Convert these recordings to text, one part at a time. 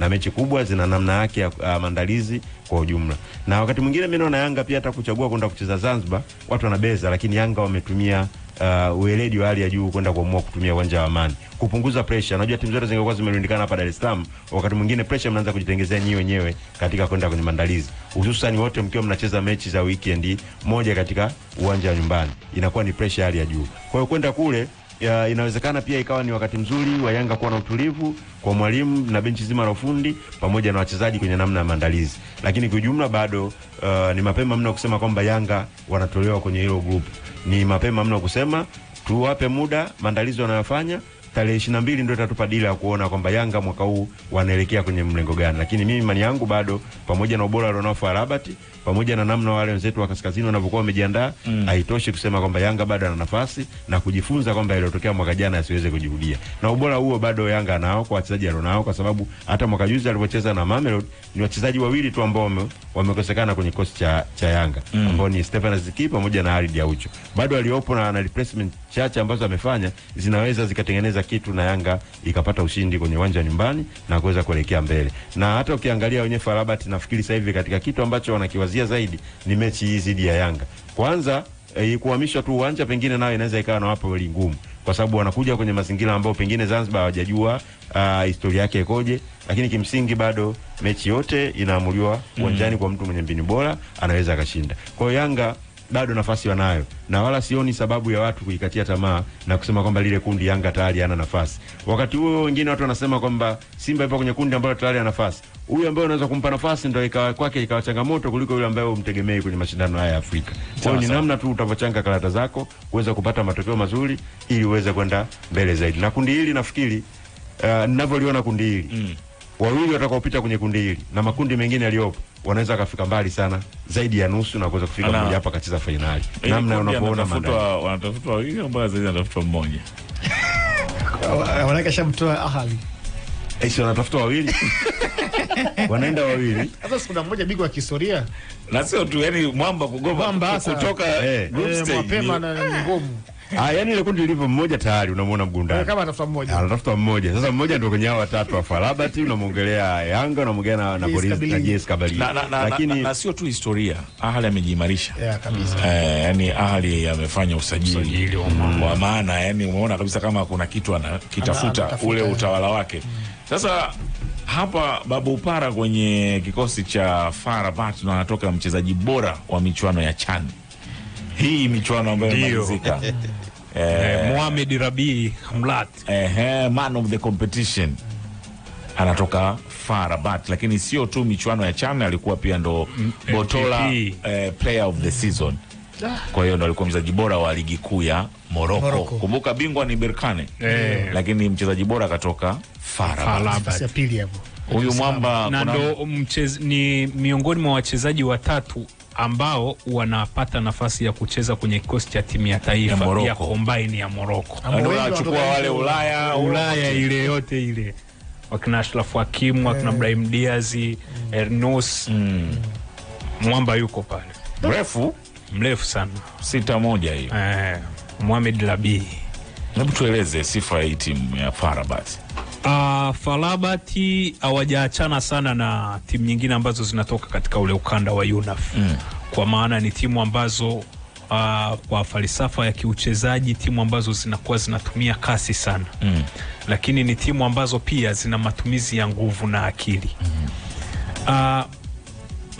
na mechi kubwa zina namna yake ya uh, maandalizi kwa ujumla. Na wakati mwingine mimi naona Yanga pia hata kuchagua kwenda kucheza Zanzibar watu wanabeza, lakini Yanga wametumia uh, ueledi wa hali ya juu kwenda kuamua kutumia uwanja wa Amani kupunguza pressure. Unajua timu zote zingekuwa zimerundikana hapa Dar es Salaam, wakati mwingine pressure mnaanza kujitengenezea nyinyi wenyewe katika kwenda kwenye maandalizi, hususan wote mkiwa mnacheza mechi za weekend moja katika uwanja wa nyumbani, inakuwa ni pressure hali ya juu. Kwa hiyo kwenda kule ya, inawezekana pia ikawa ni wakati mzuri wa Yanga kuwa na utulivu kwa mwalimu na benchi zima la ufundi pamoja na wachezaji kwenye namna ya maandalizi, lakini kwa ujumla bado uh, ni mapema mno kusema kwamba Yanga wanatolewa kwenye hilo grupu. Ni mapema mno kusema, tuwape muda maandalizi wanayofanya tarehe ishirini na mbili ndio itatupa dira ya kuona kwamba Yanga mwaka huu wanaelekea kwenye mlengo gani, lakini mimi imani yangu bado, pamoja na ubora alionao Farabat, pamoja na namna wale wenzetu wa kaskazini wanavyokuwa wamejiandaa mm. haitoshi kusema kwamba Yanga bado ana nafasi na kujifunza kwamba iliyotokea mwaka jana asiweze kujirudia, na ubora huo bado Yanga nao kwa wachezaji alionao, kwa sababu hata mwaka juzi alipocheza na Mamelodi ni wachezaji wawili tu ambao wamekosekana kwenye kikosi cha, cha Yanga mm. ambao ni Stefan Aziki pamoja na Ali Diaucho bado aliopo na, na replacement chache ambazo amefanya zinaweza zikatengeneza kila kitu na Yanga ikapata ushindi kwenye uwanja nyumbani na kuweza kuelekea mbele. Na hata ukiangalia wenyewe Farabat, nafikiri sasa hivi katika kitu ambacho wanakiwazia zaidi ni mechi hii dhidi ya Yanga. Kwanza e, eh, kuhamishwa tu uwanja pengine nayo inaweza ikawa na wapo weli ngumu kwa sababu wanakuja kwenye mazingira ambayo pengine Zanzibar hawajajua uh, historia yake ikoje, lakini kimsingi bado mechi yote inaamuliwa uwanjani mm. Kwa mtu mwenye mbinu bora anaweza akashinda. Kwa hiyo Yanga bado nafasi wanayo, na wala sioni sababu ya watu kuikatia tamaa na kusema kwamba lile kundi Yanga tayari hana nafasi. Wakati huo wengine watu wanasema kwamba Simba ipo kwenye kundi ambalo tayari ana nafasi. Huyu ambaye unaweza kumpa nafasi ndio ikawa kwake ikawa changamoto kuliko yule ambaye umtegemei kwenye mashindano haya ya Afrika. Kwa ni namna tu utavochanga karata zako kuweza kupata matokeo mazuri ili uweze kwenda mbele zaidi. Na kundi hili nafikiri uh, ninavyoliona kundi hili mm wawili watakaopita kwenye kundi hili na makundi mengine yaliyopo wanaweza kafika mbali sana zaidi ya nusu na kuweza kufika mmoja hapa kacheza fainali. Namna eh, unapoona mandani wanatafuta wawili ambao zaidi anatafuta mmoja wanaweka shamtoa ahali Aisha wanatafuta wawili wanaenda wawili. Sasa kuna mmoja bigo wa kihistoria na sio tu, yani mwamba kugoma kutoka eh. group eh, stage mapema na ngumu Ah, yani ile kundi lilivyo mmoja tayari unamuona mgundani. Kama anatafuta mmoja. Anatafuta mmoja. Sasa mmoja ndio kwenye hao watatu wa Farabat, unamuongelea Yanga, unamuongelea na na Boris na Jesse Kabali. Lakini na sio tu historia, Ahali amejimarisha. Yeah, kabisa. Eh, yani Ahali amefanya usajili wa maana, yani umeona kabisa kama kuna kitu anakitafuta ule utawala wake. Sasa hapa Babu Upara kwenye kikosi cha Farabat na anatoka mchezaji bora wa michuano ya CHAN hii michuano ambayo imalizika eh, eh, Mohamed Rabi Hamlat eh, man of the competition anatoka Farabat, lakini sio tu michuano ya CHAN, alikuwa pia ndo Botola eh, player of the season. Ah. Kwa hiyo ndo alikuwa mchezaji bora wa ligi kuu ya Morocco. Kumbuka bingwa ni Berkane eh, lakini mchezaji bora akatoka Farabat. Huyu mwamba na ndo mchez, ni miongoni mwa wachezaji watatu ambao wanapata nafasi ya kucheza kwenye kikosi cha timu ya taifa ya, ya kombaini ya Moroko. Wanachukua wale Ulaya Ulaya ile yote ile wakina Ashraf Hakim eh. wakina Brahim Diaz mm. Ernous mm. Mwamba yuko pale mrefu mrefu sana sita moja hiyo eh, Mohamed Labi, hebu tueleze sifa ya timu ya Farabat. Uh, Falabati hawajaachana sana na timu nyingine ambazo zinatoka katika ule ukanda wa UNAF mm. Kwa maana ni timu ambazo uh, kwa falsafa ya kiuchezaji timu ambazo zinakuwa zinatumia kasi sana mm. Lakini ni timu ambazo pia zina matumizi ya nguvu na akili mm. uh,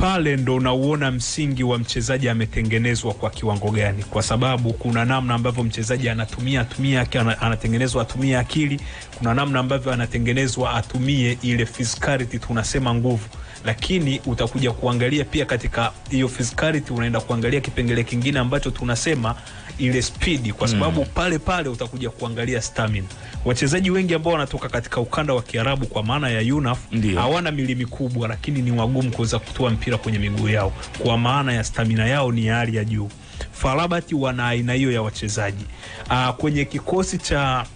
pale ndo unauona msingi wa mchezaji ametengenezwa kwa kiwango gani, kwa sababu kuna namna ambavyo mchezaji anatumia atumia anatengenezwa atumie akili, kuna namna ambavyo anatengenezwa atumie ile physicality, tunasema nguvu lakini utakuja kuangalia pia katika hiyo physicality, unaenda kuangalia kipengele kingine ambacho tunasema ile speed, kwa hmm. sababu mm. pale pale utakuja kuangalia stamina. Wachezaji wengi ambao wanatoka katika ukanda wa Kiarabu kwa maana ya Yunaf hawana mili mikubwa, lakini ni wagumu kuweza kutoa mpira kwenye miguu yao, kwa maana ya stamina yao ni ya hali ya juu. FAR wana aina hiyo ya wachezaji. Aa, ah, kwenye kikosi cha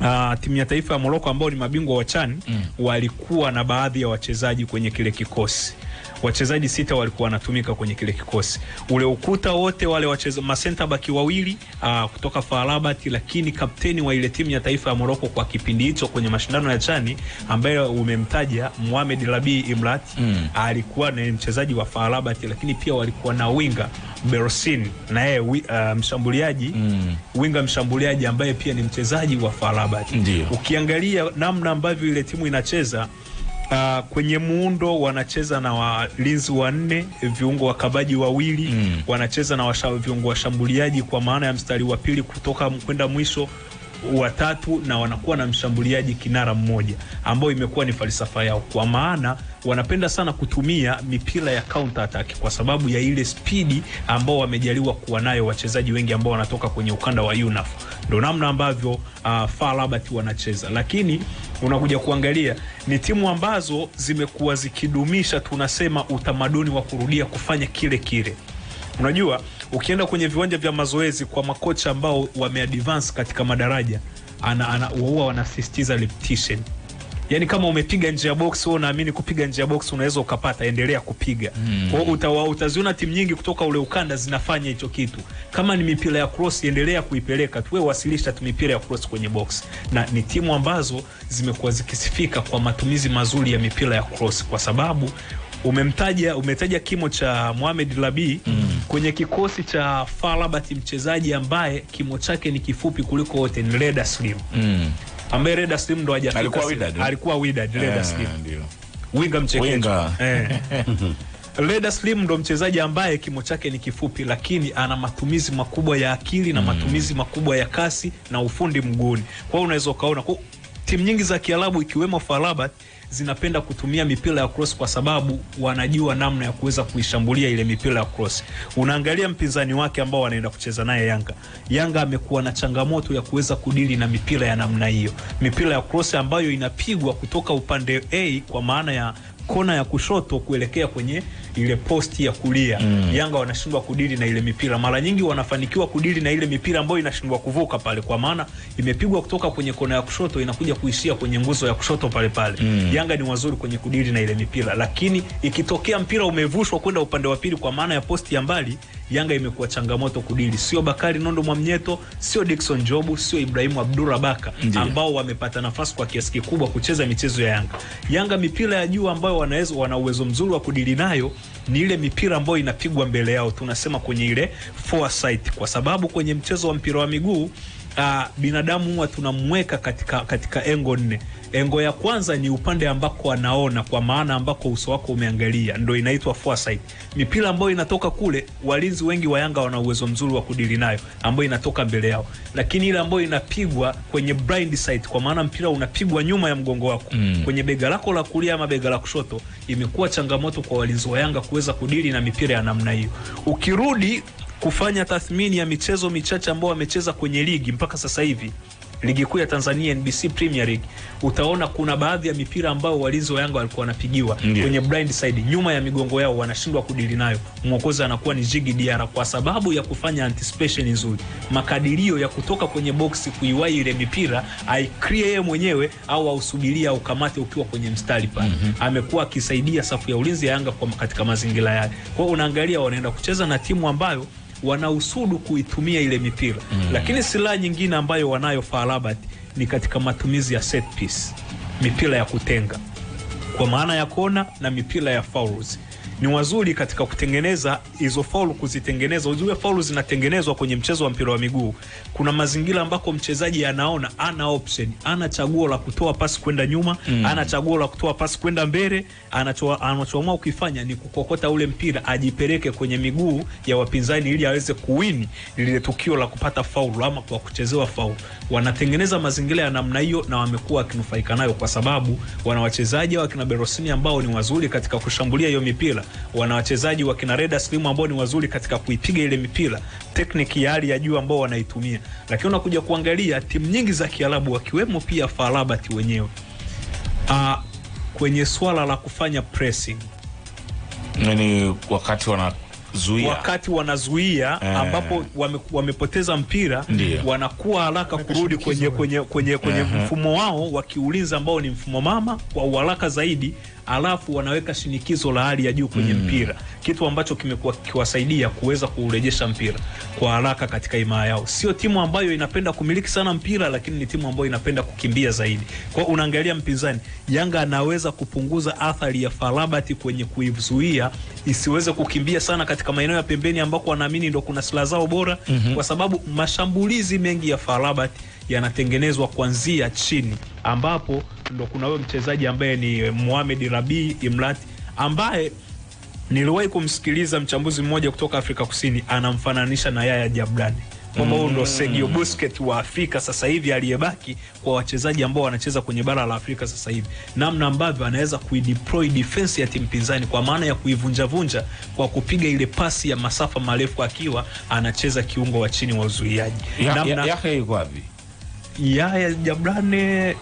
Uh, timu ya taifa ya moroko ambao ni mabingwa wa CHAN mm. walikuwa na baadhi ya wachezaji kwenye kile kikosi wachezaji sita walikuwa wanatumika kwenye kile kikosi, ule ukuta wote wale wacheza masenta baki wawili uh, kutoka FAR lakini kapteni wa ile timu ya taifa ya Morocco kwa kipindi hicho kwenye mashindano ya chani ambayo umemtaja Mohamed Rabi Imrat mm. alikuwa ni mchezaji wa farabat lakini pia walikuwa na winga Berosin na yeye uh, mshambuliaji mm. winga mshambuliaji ambaye pia ni mchezaji wa farabat Ukiangalia namna ambavyo ile timu inacheza Uh, kwenye muundo wanacheza na walinzi wanne, viungo wakabaji wawili mm. wanacheza na washa, viungo washambuliaji kwa maana ya mstari wa pili kutoka kwenda mwisho watatu, na wanakuwa na mshambuliaji kinara mmoja, ambao imekuwa ni falsafa yao kwa maana wanapenda sana kutumia mipira ya counter attack kwa sababu ya ile spidi ambao wamejaliwa kuwa nayo wachezaji wengi ambao wanatoka kwenye ukanda wa UNAF. Ndio namna ambavyo uh, FAR Rabat wanacheza, lakini unakuja kuangalia ni timu ambazo zimekuwa zikidumisha, tunasema utamaduni wa kurudia kufanya kile kile. Unajua, ukienda kwenye viwanja vya mazoezi kwa makocha ambao wameadvance katika madaraja ana, ana, huwa wanasisitiza repetition yani kama umepiga nje ya box wewe unaamini kupiga nje ya box unaweza ukapata, endelea kupiga. Mm. Kwa hiyo utawa utaziona timu nyingi kutoka ule ukanda zinafanya hicho kitu. Kama ni mipira ya cross, endelea kuipeleka tu, wewe wasilisha tu mipira ya cross kwenye box, na ni timu ambazo zimekuwa zikisifika kwa matumizi mazuri ya mipira ya cross kwa sababu umemtaja umetaja kimo cha Mohamed Labi mm. kwenye kikosi cha Farabat, mchezaji ambaye kimo chake ni kifupi kuliko wote ni Reda Slim mm ambaye Reda Sim ndo hajafika, alikuwa Widad, eh? alikuwa Widad eh, Reda Sim ndio winga mcheketo Winga. Eh. Leda Slim ndo mchezaji ambaye kimo chake ni kifupi, lakini ana matumizi makubwa ya akili na mm. matumizi makubwa ya kasi na ufundi mguuni. Kwa hiyo unaweza ukaona timu nyingi za Kiarabu ikiwemo Farabat zinapenda kutumia mipira ya cross kwa sababu wanajua namna ya kuweza kuishambulia ile mipira ya cross. Unaangalia mpinzani wake ambao wanaenda kucheza naye Yanga. Yanga amekuwa na changamoto ya kuweza kudili na mipira ya namna hiyo, mipira ya cross ambayo inapigwa kutoka upande A kwa maana ya kona ya kushoto kuelekea kwenye ile posti ya kulia mm. Yanga wanashindwa kudili na ile mipira. Mara nyingi wanafanikiwa kudili na ile mipira ambayo inashindwa kuvuka pale, kwa maana imepigwa kutoka kwenye kona ya kushoto inakuja kuishia kwenye nguzo ya kushoto pale pale. Mm. Yanga ni wazuri kwenye kudili na ile mipira, lakini ikitokea mpira umevushwa kwenda upande wa pili, kwa maana ya posti ya mbali Yanga imekuwa changamoto kudili, sio Bakari Nondo Mwamnyeto, sio Dickson Jobu, sio Ibrahimu Abdurabaka ambao wamepata nafasi kwa kiasi kikubwa kucheza michezo ya Yanga. Yanga mipira ya juu ambayo wanaweza, wana uwezo mzuri wa kudili nayo ni ile mipira ambayo inapigwa mbele yao, tunasema kwenye ile foresight, kwa sababu kwenye mchezo wa mpira wa miguu uh, binadamu huwa tunamweka katika, katika engo nne. Engo ya kwanza ni upande ambako anaona, kwa maana ambako uso wako umeangalia, ndo inaitwa foresight. Mipira ambayo inatoka kule, walinzi wengi wa Yanga wana uwezo mzuri wa kudili nayo, ambayo inatoka mbele yao, lakini ile ambayo inapigwa kwenye blind sight, kwa maana mpira unapigwa nyuma ya mgongo wako mm. kwenye bega lako la kulia ama bega la kushoto, imekuwa changamoto kwa walinzi wa Yanga kuweza kudili na mipira ya namna hiyo. Ukirudi kufanya tathmini ya michezo michache ambao wamecheza kwenye ligi mpaka sasa hivi ligi kuu ya Tanzania NBC Premier League, utaona kuna baadhi ya mipira ambayo walinzi wa Yanga walikuwa wanapigiwa yeah, kwenye blind side, nyuma ya migongo yao wanashindwa kudili nayo. Mwokozi anakuwa ni Jigi Diara kwa sababu ya kufanya anticipation nzuri, makadirio ya kutoka kwenye box kuiwahi ile mipira aikrie yeye mwenyewe au ausubiria ukamate ukiwa kwenye mstari pale. mm -hmm. Amekuwa akisaidia safu ya ulinzi ya Yanga kwa katika mazingira yale. Kwa hiyo unaangalia wanaenda kucheza na timu ambayo wanausudu kuitumia ile mipira mm. Lakini silaha nyingine ambayo wanayo FAR ni katika matumizi ya set piece, mipira ya kutenga kwa maana ya kona na mipira ya fouls ni wazuri katika kutengeneza hizo faulu, kuzitengeneza. Ujue faulu zinatengenezwa kwenye mchezo wa mpira wa miguu. Kuna mazingira ambako mchezaji anaona ana option, ana chaguo la kutoa pasi kwenda nyuma mm. ana chaguo la kutoa pasi kwenda mbele. Anachoamua ukifanya ni kukokota ule mpira ajipeleke kwenye miguu ya wapinzani, ili aweze kuwini lile tukio la kupata faulu ama kwa kuchezewa faulu. Wanatengeneza mazingira ya namna hiyo na wamekuwa wakinufaika nayo, kwa sababu wana wachezaji wa kina Berosini ambao ni wazuri katika kushambulia hiyo mipira wana wachezaji wa kina Reda Slim ambao ni wazuri katika kuipiga ile mipira, tekniki ya hali ya juu ambao wanaitumia, lakini unakuja kuangalia timu nyingi za Kiarabu wakiwemo pia Farabat wenyewe uh, kwenye swala la kufanya pressing yani wakati wana Zuia. Wakati wanazuia eh, ambapo wame, wamepoteza mpira Ndiyo. Wanakuwa haraka kurudi kwenye, kwenye, kwenye, kwenye uh -huh. mfumo wao wakiuliza ambao ni mfumo mama kwa uharaka zaidi alafu wanaweka shinikizo la hali ya juu kwenye mm. mpira, kitu ambacho kimekuwa kiwasaidia kuweza kurejesha mpira kwa haraka katika imaa yao. Sio timu ambayo inapenda kumiliki sana mpira, lakini ni timu ambayo inapenda kukimbia zaidi. Kwa unaangalia mpinzani Yanga anaweza kupunguza athari ya Farabati kwenye kuizuia isiweze kukimbia sana katika maeneo ya pembeni ambako wanaamini ndo kuna silaha zao bora mm -hmm. kwa sababu mashambulizi mengi ya Farabati yanatengenezwa kuanzia chini ambapo ndo kuna huyo mchezaji ambaye ni Mohamed Rabi Imrat ambaye niliwahi kumsikiliza mchambuzi mmoja kutoka Afrika Kusini anamfananisha na Yaya Jabrani kwamba huyu mm. ndo Sergio Busquets wa Afrika sasa hivi aliyebaki kwa wachezaji ambao wanacheza kwenye bara la Afrika sasa hivi, namna ambavyo anaweza kuideploy defense ya timu pinzani kwa maana ya kuivunjavunja kwa kupiga ile pasi ya masafa marefu akiwa anacheza kiungo wa chini wa uzuiaji. Yake ya, ya, ya, ya,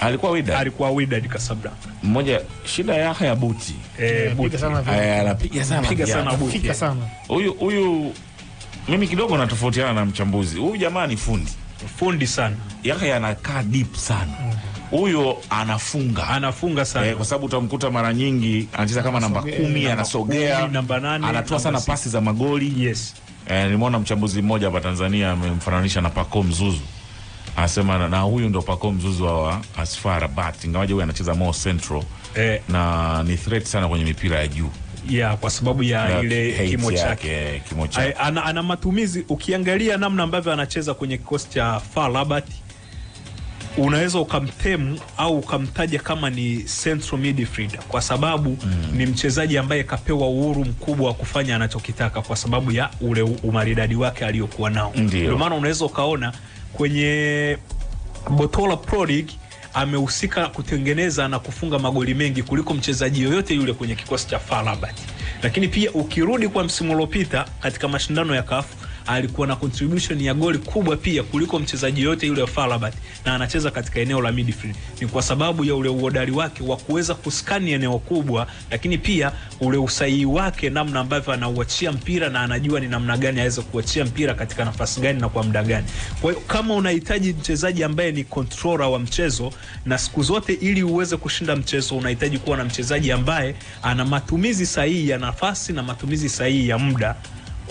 alikuwa Wydad, alikuwa Wydad Casablanca. Mmoja shida yake ya buti eh, buti anapiga sana, piga eh, sana buti, piga sana huyu huyu. Mimi kidogo natofautiana na mchambuzi huyu, jamaa ni fundi, fundi sana, yake anakaa deep sana mm. huyo anafunga anafunga sana eh, kwa sababu utamkuta mara nyingi anacheza kama namba kumi, anasogea namba nane, anatoa sana pasi za magoli. Yes, eh, nimeona mchambuzi mmoja hapa Tanzania amemfananisha na Paco Mzuzu anasema na huyu ndo pako mzuzu wa Asfar Rabat, ingawaje huyu anacheza more central eh, na ni threat sana kwenye mipira ya juu ya kwa sababu ya na ile kimo chake kimo chake ana, ana matumizi. Ukiangalia namna ambavyo anacheza kwenye kikosi cha FAR Rabat unaweza ukamtemu au ukamtaja kama ni central midfielder kwa sababu mm, ni mchezaji ambaye kapewa uhuru mkubwa wa kufanya anachokitaka kwa sababu ya ule umaridadi wake aliyokuwa nao, ndio maana unaweza ukaona kwenye Botola Pro League amehusika kutengeneza na kufunga magoli mengi kuliko mchezaji yoyote yule kwenye kikosi cha FAR Rabat. Lakini pia ukirudi kwa msimu uliopita katika mashindano ya CAF alikuwa na contribution ya goli kubwa pia kuliko mchezaji yote yule wa Farabat, na anacheza katika eneo la midfield. Ni kwa sababu ya ule uhodari wake wa kuweza kuskani eneo kubwa, lakini pia ule usahihi wake, namna ambavyo anauachia mpira na anajua ni namna gani aweze kuachia mpira katika nafasi gani na kwa muda gani. Kwa hiyo kama unahitaji mchezaji ambaye ni controller wa mchezo, na siku zote ili uweze kushinda mchezo unahitaji kuwa na mchezaji ambaye ana matumizi sahihi ya nafasi na matumizi sahihi ya muda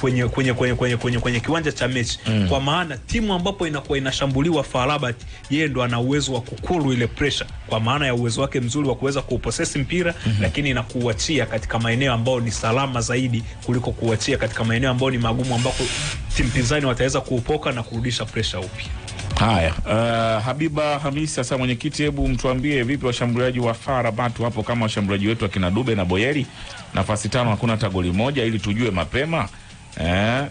kwenye, kwenye, kwenye, kwenye, kwenye, kwenye kiwanja cha mechi mm. Kwa maana timu ambapo inakuwa inashambuliwa Farabat, yeye ndo ana uwezo wa kukulu ile pressure kwa maana ya uwezo wake mzuri wa kuweza kuposesi mpira mm -hmm. Lakini inakuachia katika maeneo ambayo ni salama zaidi kuliko kuachia katika maeneo ambayo ni magumu ambako timu pinzani wataweza kuupoka na kurudisha pressure upya. Haya, uh, Habiba Hamisi, sasa mwenyekiti, hebu mtuambie vipi washambuliaji wa FAR Rabat wapo kama washambuliaji wetu akina Dube na Boyeri, nafasi tano, hakuna hata goli moja, ili tujue mapema Eh?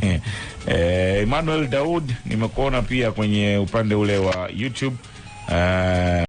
eh, Emmanuel Daud nimekuona pia kwenye upande ule wa YouTube eh.